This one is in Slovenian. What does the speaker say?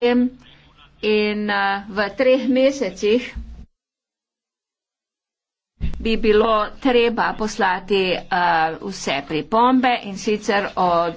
tem in uh, v treh mesecih bi bilo treba poslati uh, vse pripombe in sicer od